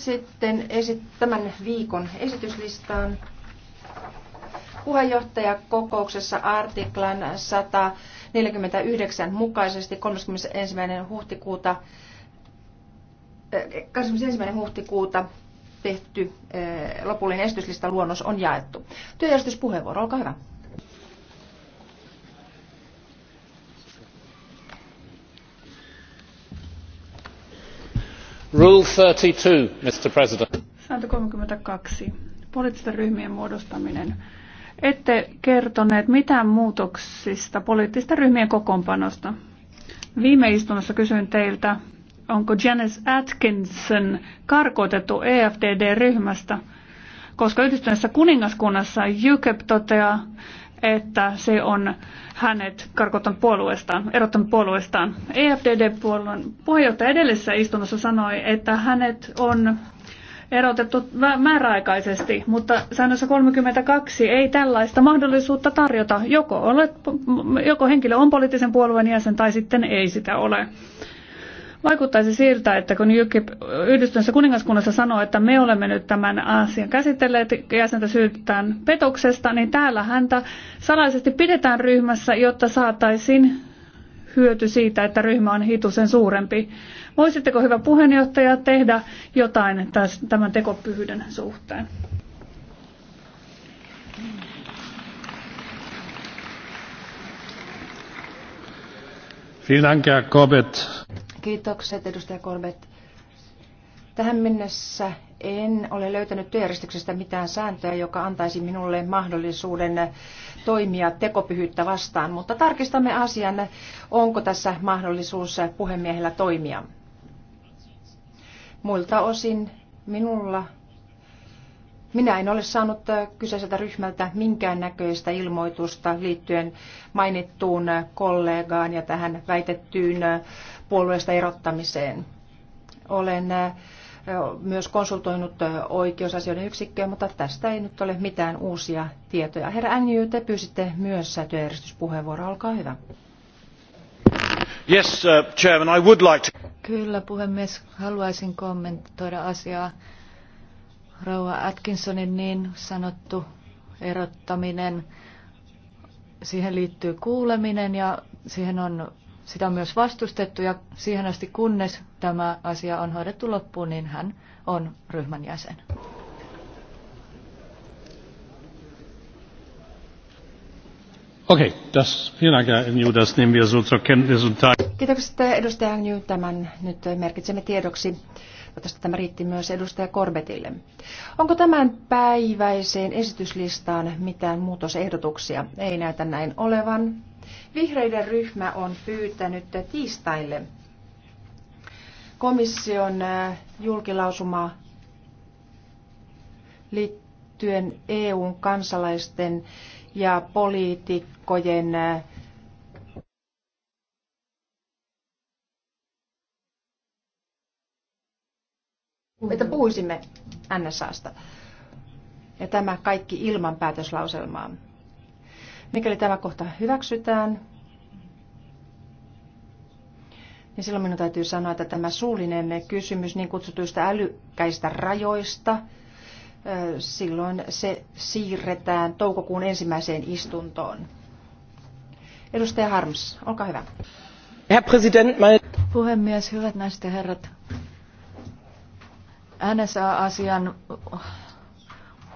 Sitten tämän viikon esityslistaan. Puheenjohtajakokouksessa artiklan 149 mukaisesti 31. huhtikuuta, 21. Eh, huhtikuuta tehty eh, lopullinen esityslista luonnos on jaettu. Työjärjestyspuheenvuoro, olkaa hyvä. Rule 32, Mr. President. Sääntö 32. Poliittisten ryhmien muodostaminen. Ette kertoneet mitään muutoksista poliittisten ryhmien kokoonpanosta. Viime istunnossa kysyin teiltä, onko Janice Atkinson karkotettu EFDD-ryhmästä, koska yhdistyneessä kuningaskunnassa UKIP toteaa, että se on hänet karkottanut puolueestaan, erottanut puolueestaan. EFDD-puolueen puheenjohtaja edellisessä istunnossa sanoi, että hänet on erotettu määräaikaisesti, mutta säännössä 32 ei tällaista mahdollisuutta tarjota. Joko, olet, joko henkilö on poliittisen puolueen jäsen tai sitten ei sitä ole. Vaikuttaisi siltä, että kun yhdistyneessä kuningaskunnassa sanoo, että me olemme nyt tämän asian käsitelleet jäsentä syytetään petoksesta, niin täällä häntä salaisesti pidetään ryhmässä, jotta saataisiin hyöty siitä, että ryhmä on hitusen suurempi. Voisitteko, hyvä puheenjohtaja, tehdä jotain tämän tekopyhyyden suhteen? Vielen Dank, Herr Corbett. Kiitokset, edustaja Kolbet. Tähän mennessä en ole löytänyt työjärjestyksestä mitään sääntöä, joka antaisi minulle mahdollisuuden toimia tekopyhyyttä vastaan, mutta tarkistamme asian, onko tässä mahdollisuus puhemiehellä toimia. Muilta osin minulla minä en ole saanut kyseiseltä ryhmältä minkäännäköistä ilmoitusta liittyen mainittuun kollegaan ja tähän väitettyyn puolueesta erottamiseen. Olen äh, myös konsultoinut äh, oikeusasioiden yksikköä, mutta tästä ei nyt ole mitään uusia tietoja. Herra Anny, te pyysitte myös työjärjestyspuheenvuoroa. Olkaa hyvä. Yes, uh, chairman, I would like to... Kyllä, puhemies. Haluaisin kommentoida asiaa. Rouva Atkinsonin niin sanottu erottaminen. Siihen liittyy kuuleminen ja siihen on sitä on myös vastustettu ja siihen asti kunnes tämä asia on hoidettu loppuun, niin hän on ryhmän jäsen. Okei, okay, das, das nehmen wir so zur Kiitokset edustaja Agnew. Tämän nyt merkitsemme tiedoksi. Tästä tämä riitti myös edustaja Korbetille. Onko tämän päiväiseen esityslistaan mitään muutosehdotuksia? Ei näytä näin olevan. Vihreiden ryhmä on pyytänyt tiistaille komission äh, julkilausuma liittyen EUn kansalaisten ja poliitikkojen äh, että puhuisimme NSAsta. Ja tämä kaikki ilman päätöslauselmaa. Mikäli tämä kohta hyväksytään, niin silloin minun täytyy sanoa, että tämä suullinen kysymys niin kutsutuista älykkäistä rajoista, silloin se siirretään toukokuun ensimmäiseen istuntoon. Edustaja Harms, olkaa hyvä. Herr President, mein... Puhemies, hyvät naiset ja herrat. NSA-asian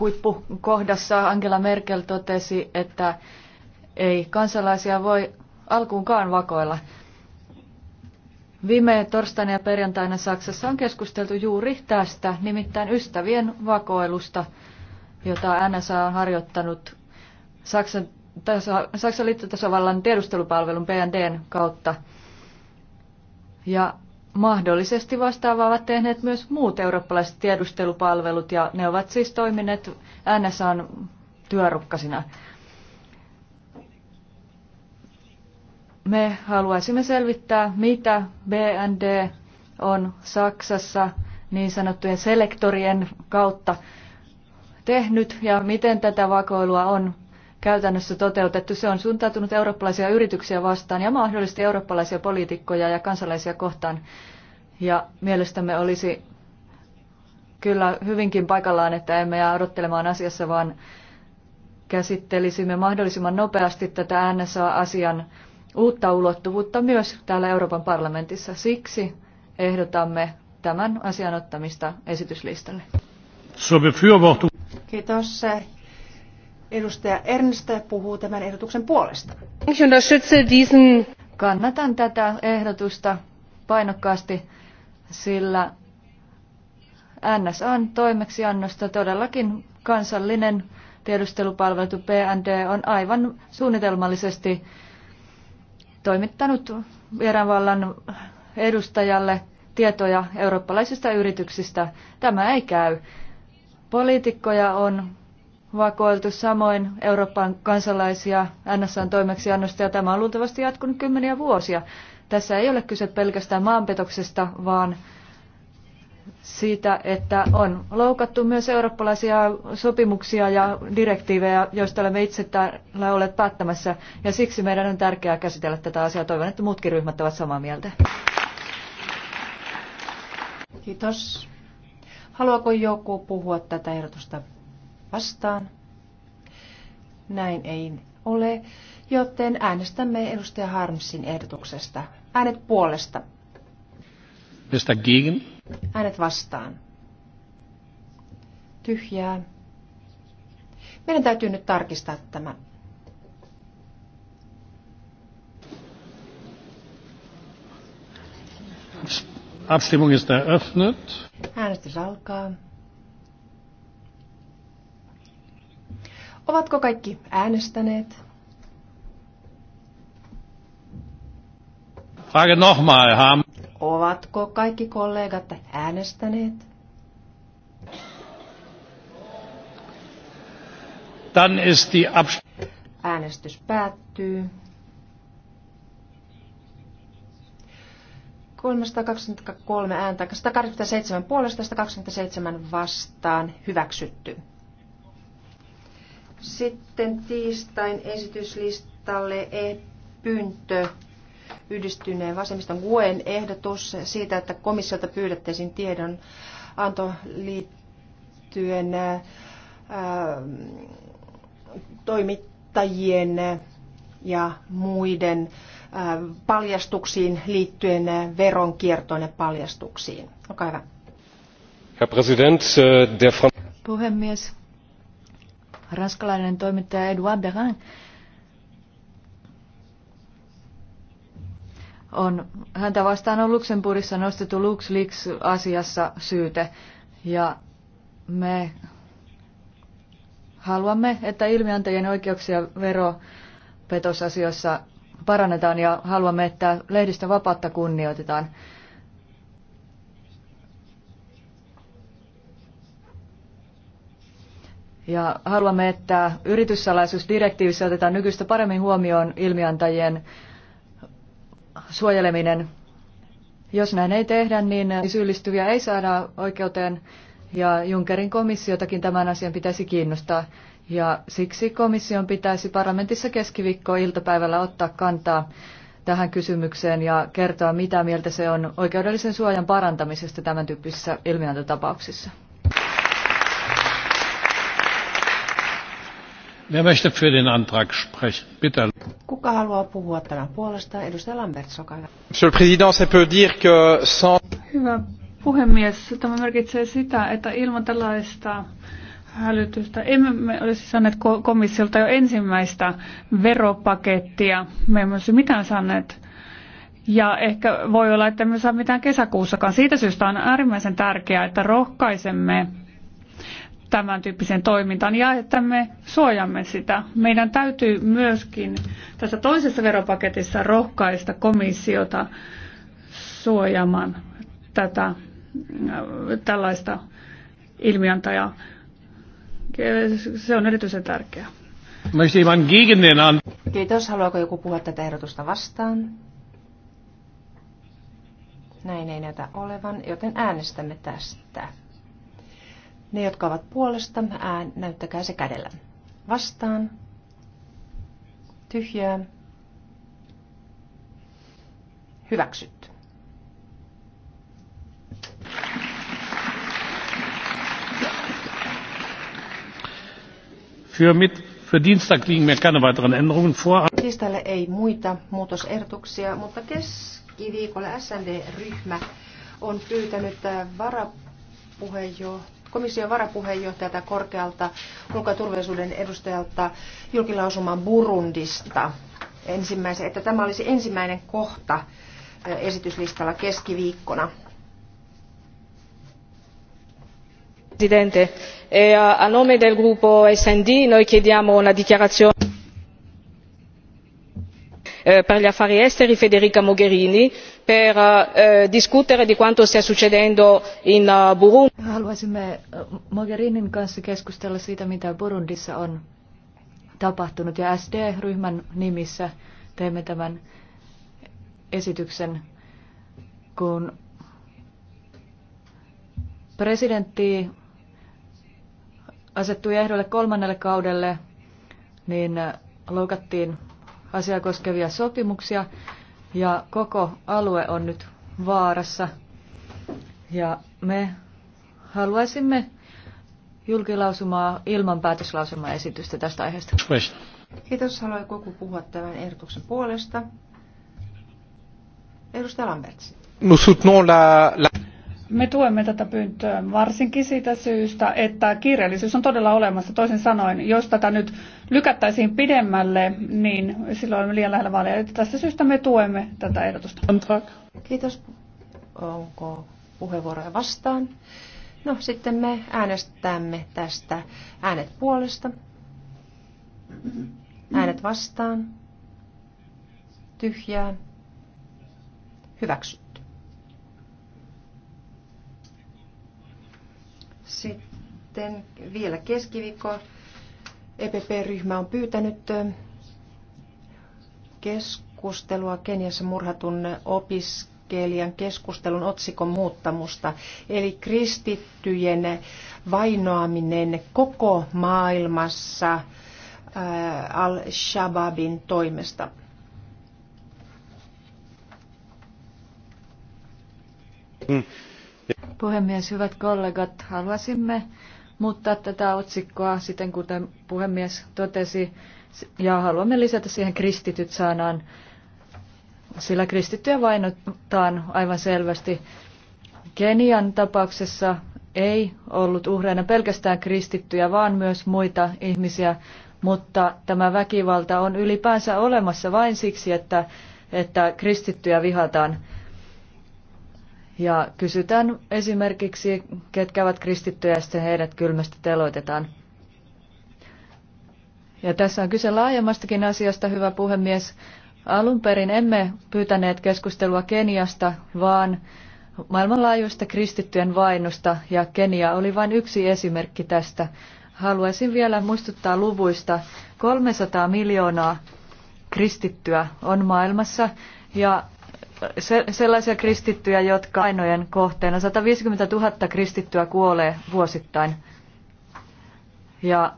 huippukohdassa Angela Merkel totesi, että ei kansalaisia voi alkuunkaan vakoilla. Viime torstaina ja perjantaina Saksassa on keskusteltu juuri tästä, nimittäin ystävien vakoilusta, jota NSA on harjoittanut Saksan, tasa, Saksan liittotasavallan tiedustelupalvelun PNDn kautta. Ja mahdollisesti vastaavaa ovat tehneet myös muut eurooppalaiset tiedustelupalvelut, ja ne ovat siis toimineet NSAn työrukkasina. Me haluaisimme selvittää, mitä BND on Saksassa niin sanottujen selektorien kautta tehnyt ja miten tätä vakoilua on käytännössä toteutettu. Se on suuntautunut eurooppalaisia yrityksiä vastaan ja mahdollisesti eurooppalaisia poliitikkoja ja kansalaisia kohtaan. Ja mielestämme olisi kyllä hyvinkin paikallaan, että emme jää odottelemaan asiassa, vaan käsittelisimme mahdollisimman nopeasti tätä NSA-asian uutta ulottuvuutta myös täällä Euroopan parlamentissa. Siksi ehdotamme tämän asian ottamista esityslistalle. Kiitos. Edustaja Ernst puhuu tämän ehdotuksen puolesta. Kannatan tätä ehdotusta painokkaasti, sillä NSA toimeksiannosta todellakin kansallinen tiedustelupalvelu PND on aivan suunnitelmallisesti toimittanut vieraanvallan edustajalle tietoja eurooppalaisista yrityksistä. Tämä ei käy. Poliitikkoja on vakoiltu samoin Euroopan kansalaisia NSAn toimeksiannosta ja tämä on luultavasti jatkunut kymmeniä vuosia. Tässä ei ole kyse pelkästään maanpetoksesta, vaan siitä, että on loukattu myös eurooppalaisia sopimuksia ja direktiivejä, joista olemme itse täällä olleet päättämässä, ja siksi meidän on tärkeää käsitellä tätä asiaa. Toivon, että muutkin ryhmät ovat samaa mieltä. Kiitos. Haluaako joku puhua tätä ehdotusta vastaan? Näin ei ole, joten äänestämme edustaja Harmsin ehdotuksesta. Äänet puolesta. Mistä gegen? Äänet vastaan. Tyhjää. Meidän täytyy nyt tarkistaa tämä. Abstimmung ist eröffnet. Äänestys alkaa. Ovatko kaikki äänestäneet? Frage nochmal, haben Ovatko kaikki kollegat äänestäneet? Dann ist die Äänestys päättyy. 323 ääntä, 187 puolesta, 127 vastaan hyväksytty. Sitten tiistain esityslistalle e pyyntö yhdistyneen vasemmiston Guen ehdotus siitä, että komissiolta pyydettäisiin tiedon anto liittyen ää, äh, toimittajien ja muiden ää, äh, paljastuksiin liittyen äh, veronkiertoon ja paljastuksiin. Olkaa hyvä. Herr Präsident, der Puhemies, ranskalainen toimittaja Edouard Berin on, häntä vastaan on Luxemburgissa nostettu LuxLeaks-asiassa syyte. Ja me haluamme, että ilmiantajien oikeuksia veropetosasioissa parannetaan ja haluamme, että lehdistä vapautta kunnioitetaan. Ja haluamme, että yrityssalaisuusdirektiivissä otetaan nykyistä paremmin huomioon ilmiantajien suojeleminen. Jos näin ei tehdä, niin syyllistyviä ei saada oikeuteen ja Junckerin komissiotakin tämän asian pitäisi kiinnostaa. Ja siksi komission pitäisi parlamentissa keskiviikko-iltapäivällä ottaa kantaa tähän kysymykseen ja kertoa, mitä mieltä se on oikeudellisen suojan parantamisesta tämän tyyppisissä ilmiöntötapauksissa. Wer möchte für den Antrag sprechen? Bitte. Kuka haluaa puhua tämän puolesta? Edustaja Lambert, olkaa hyvä. Monsieur le Président, ça peut dire que sans... Hyvä puhemies, tämä merkitsee sitä, että ilman tällaista hälytystä emme me olisi saaneet komissiolta jo ensimmäistä veropakettia. Me emme olisi mitään saaneet ja ehkä voi olla, että emme saa mitään kesäkuussakaan. Siitä syystä on äärimmäisen tärkeää, että rohkaisemme tämän tyyppiseen toimintaan ja että me suojamme sitä. Meidän täytyy myöskin tässä toisessa veropaketissa rohkaista komissiota suojamaan tätä äh, tällaista ilmiantajaa. Se on erityisen tärkeää. Kiitos. Haluaako joku puhua tätä ehdotusta vastaan? Näin ei näytä olevan, joten äänestämme tästä. Ne, jotka ovat puolesta, ää, näyttäkää se kädellä. Vastaan. Tyhjää. Hyväksytty. Für, mit, für Dienstag liegen mir keine weiteren Änderungen vor. Tiistaille ei muita muutosehdotuksia, mutta keskiviikolla SND-ryhmä on pyytänyt varapuheenjohtaja komission varapuheenjohtajalta korkealta ulko- ja turvallisuuden edustajalta julkilausuman Burundista. Ensimmäisen, että tämä olisi ensimmäinen kohta esityslistalla keskiviikkona. Presidente, e a nome del gruppo SND noi chiediamo una dichiarazione. Eh, per gli affari esteri federica mogherini per eh, discutere di quanto sta succedendo in eh, burundi. haluaisimme mogherinin kanssa keskustella siitä mitä burundissa on tapahtunut ja sd ryhmän nimissä teemme tämän esityksen kun presidentti asettui ehdolle kolmannelle kaudelle, niin loukattiin asiaa koskevia sopimuksia ja koko alue on nyt vaarassa. Ja me haluaisimme julkilausumaa ilman esitystä tästä aiheesta. Kiitos. Haluaako koko puhua tämän ehdotuksen puolesta? Edustaja Lambertsi. Nous soutenons la, la... Me tuemme tätä pyyntöä varsinkin siitä syystä, että kiireellisyys on todella olemassa. Toisin sanoen, jos tätä nyt lykättäisiin pidemmälle, niin silloin olemme liian lähellä vaaleja. Tästä syystä me tuemme tätä ehdotusta. Kiitos. Onko puheenvuoroja vastaan? No sitten me äänestämme tästä äänet puolesta, äänet vastaan, tyhjään, hyväksytty. Sitten vielä keskiviikko. EPP-ryhmä on pyytänyt keskustelua Keniassa murhatun opiskelijan keskustelun otsikon muuttamusta, eli kristittyjen vainoaminen koko maailmassa al-Shababin toimesta. Mm Puhemies, hyvät kollegat, haluaisimme muuttaa tätä otsikkoa siten, kuten puhemies totesi, ja haluamme lisätä siihen kristityt sanaan, sillä kristittyjä vainotaan aivan selvästi. Kenian tapauksessa ei ollut uhreina pelkästään kristittyjä, vaan myös muita ihmisiä, mutta tämä väkivalta on ylipäänsä olemassa vain siksi, että, että kristittyjä vihataan. Ja kysytään esimerkiksi, ketkä ovat kristittyjä ja sitten heidät kylmästi teloitetaan. Ja tässä on kyse laajemmastakin asiasta, hyvä puhemies. Alun perin emme pyytäneet keskustelua Keniasta, vaan maailmanlaajuista kristittyjen vainosta, ja Kenia oli vain yksi esimerkki tästä. Haluaisin vielä muistuttaa luvuista. 300 miljoonaa kristittyä on maailmassa, ja sellaisia kristittyjä, jotka ainojen kohteena. 150 000 kristittyä kuolee vuosittain. Ja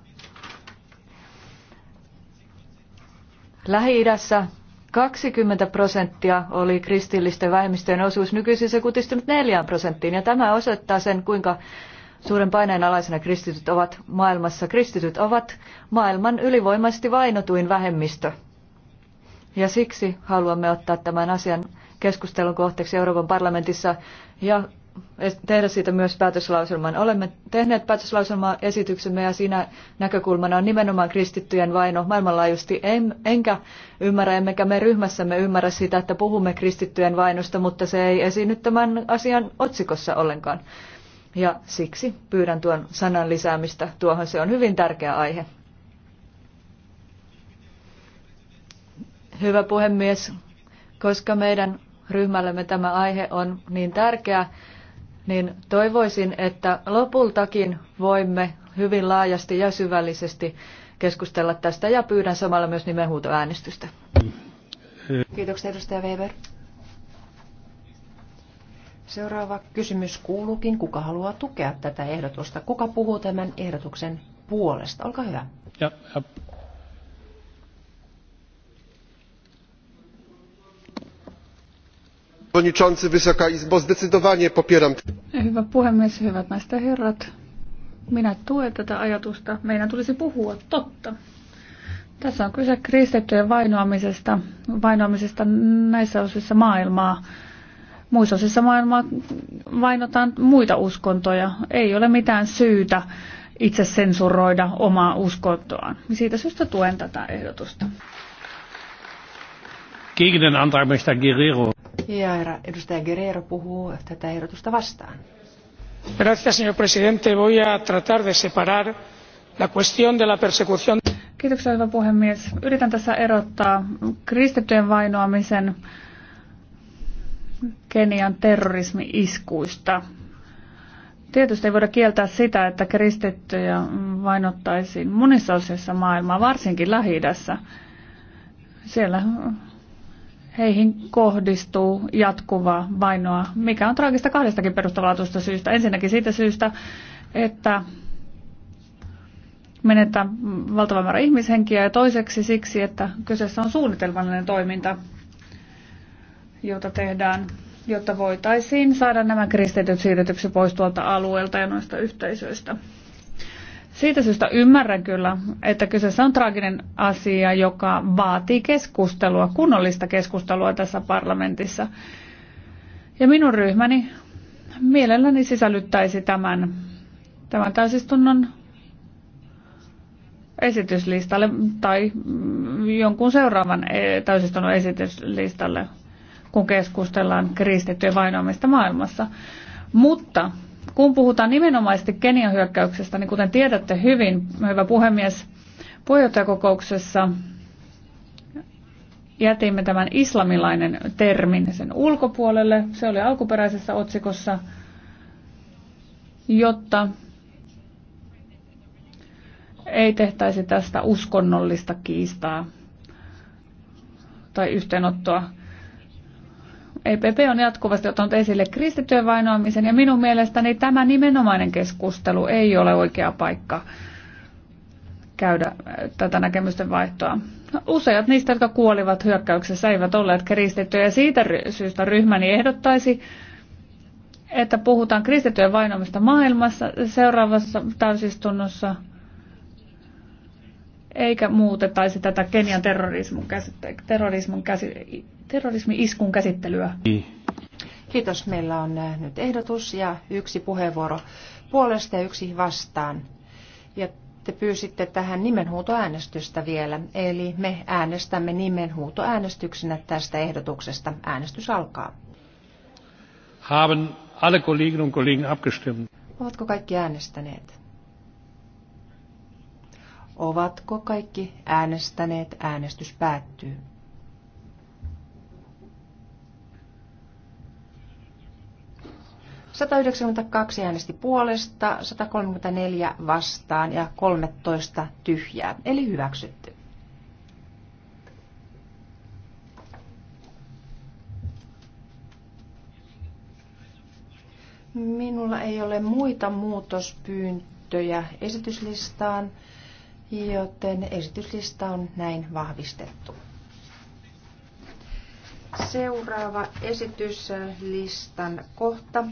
Lähi-idässä 20 prosenttia oli kristillisten vähemmistöjen osuus, nykyisin se kutistunut 4 prosenttiin, ja tämä osoittaa sen, kuinka suuren paineen alaisena kristityt ovat maailmassa. Kristityt ovat maailman ylivoimaisesti vainotuin vähemmistö. Ja siksi haluamme ottaa tämän asian keskustelun kohteeksi Euroopan parlamentissa ja tehdä siitä myös päätöslauselman. Olemme tehneet päätöslauselmaesityksemme ja siinä näkökulmana on nimenomaan kristittyjen vaino maailmanlaajuisesti. En, enkä ymmärrä, emmekä me ryhmässämme ymmärrä sitä, että puhumme kristittyjen vainosta, mutta se ei esiinny tämän asian otsikossa ollenkaan. Ja siksi pyydän tuon sanan lisäämistä tuohon. Se on hyvin tärkeä aihe. Hyvä puhemies, koska meidän ryhmällemme tämä aihe on niin tärkeä, niin toivoisin, että lopultakin voimme hyvin laajasti ja syvällisesti keskustella tästä ja pyydän samalla myös nimenhuutoäänestystä. Kiitoksia edustaja Weber. Seuraava kysymys kuuluukin, kuka haluaa tukea tätä ehdotusta? Kuka puhuu tämän ehdotuksen puolesta? Olkaa hyvä. Ja, ja przewodniczący! wysoka izbo! zdecydowanie popieram. hyvä puhemies hyvät naiset herrat minä tuen tätä ajatusta. meidän tulisi puhua totta. tässä on kyse kristittyjen vainoamisesta, vainoamisesta näissä osissa maailmaa. Muissa osissa maailmaa vainotaan muita uskontoja. Ei ole mitään syytä itse sensuroida omaa uskontoaan. Siitä syystä tuen tätä ehdotusta. Gegen den Antrag möchte Guerrero. Ja herra, edustaja Guerrero puhuu tätä ehdotusta vastaan. Gracias, señor presidente. Voy a tratar de separar la cuestión de la persecución. Kiitoksia, hyvä puhemies. Yritän tässä erottaa kristittyjen vainoamisen Kenian terrorismi-iskuista. Tietysti ei voida kieltää sitä, että kristittyjä vainottaisiin monissa osissa maailmaa, varsinkin lähi -idässä. Siellä heihin kohdistuu jatkuvaa vainoa, mikä on traagista kahdestakin perustavanlaatuisesta syystä. Ensinnäkin siitä syystä, että menettää valtava määrä ihmishenkiä ja toiseksi siksi, että kyseessä on suunnitelmallinen toiminta, jota tehdään, jotta voitaisiin saada nämä kristityt siirretyksi pois tuolta alueelta ja noista yhteisöistä. Siitä syystä ymmärrän kyllä, että kyseessä on traaginen asia, joka vaatii keskustelua, kunnollista keskustelua tässä parlamentissa. Ja minun ryhmäni mielelläni sisällyttäisi tämän, tämän täysistunnon esityslistalle tai jonkun seuraavan eh, täysistunnon esityslistalle, kun keskustellaan kristittyjen vainoamista maailmassa. Mutta kun puhutaan nimenomaisesti Kenian hyökkäyksestä, niin kuten tiedätte hyvin, hyvä puhemies, puheenjohtajakokouksessa jätimme tämän islamilainen termin sen ulkopuolelle. Se oli alkuperäisessä otsikossa, jotta ei tehtäisi tästä uskonnollista kiistaa tai yhteenottoa. EPP on jatkuvasti ottanut esille kristittyjen vainoamisen ja minun mielestäni tämä nimenomainen keskustelu ei ole oikea paikka käydä äh, tätä näkemysten vaihtoa. Useat niistä, jotka kuolivat hyökkäyksessä, eivät olleet kristittyjä siitä syystä ryhmäni ehdottaisi, että puhutaan kristittyjen vainoamista maailmassa seuraavassa täysistunnossa – eikä muutettaisi tätä Kenian terrorismin, käsitte- terrorismin, käsi- terrorismin iskun käsittelyä. Kiitos. Meillä on äh, nyt ehdotus ja yksi puheenvuoro puolesta ja yksi vastaan. Ja te pyysitte tähän nimenhuutoäänestystä vielä, eli me äänestämme nimenhuutoäänestyksenä tästä ehdotuksesta. Äänestys alkaa. Haben alle Kolleginnen und Kollegen abgestimmt? Ovatko kaikki äänestäneet? Ovatko kaikki äänestäneet? Äänestys päättyy. kaksi äänesti puolesta, 134 vastaan ja 13 tyhjää, eli hyväksytty. Minulla ei ole muita muutospyyntöjä esityslistaan joten esityslista on näin vahvistettu. Seuraava esityslistan kohta.